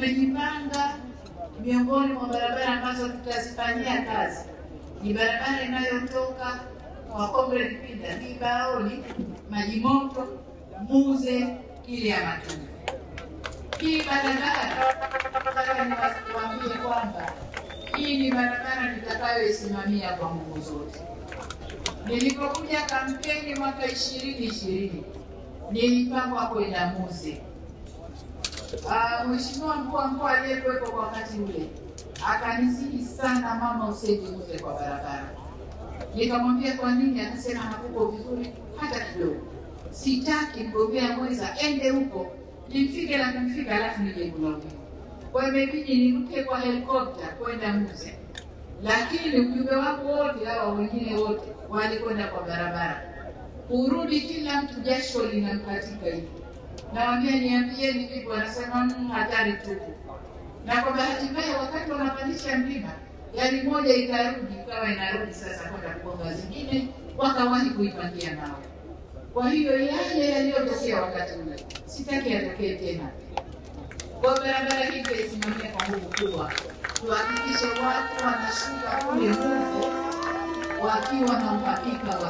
Tumejipanga miongoni mwa barabara ambazo tutazifanyia kazi ni barabara inayotoka kwa Comrade Pinda hii Baoli Majimoto Muze ile ya Matunda. Hii barabara nataka niwaambie kwamba hii ni barabara nitakayoisimamia kwa nguvu zote. Nilipokuja kampeni mwaka ishirini ishirini nilipangwa kwenda Muze Uh, Mheshimiwa mkuu wa mkoa aliyekuwepo kwa wakati ule akanisihi sana, mama, usijeuze kwa barabara. Nikamwambia kwa nini? Akasema hakuko vizuri hata kidogo. Sitaki mgombea mwenza ende huko nimfike na kumfika, alafu nije kulaumiwa. Kwa hiyo imebidi niruke kwa helikopta kwenda Muse, lakini ujumbe wangu wote hawa wengine wote walikwenda kwa barabara, kurudi kila mtu jasho linamkatika hivi Naambia niambie ni kitu, anasema hatari tupu. Na kwa bahati mbaya, wakati wanapandisha mlima, gari moja ikarudi, ikawa inarudi sasa kwenda kugonga zingine, wakawahi kuipangia nao. Kwa hiyo yale yaliyotokea wakati ule sitaki yatokee tena. Kwa barabara hii tuisimamia kwa nguvu kubwa, tuhakikishe watu wanashuka kule Ruvu wakiwa na uhakika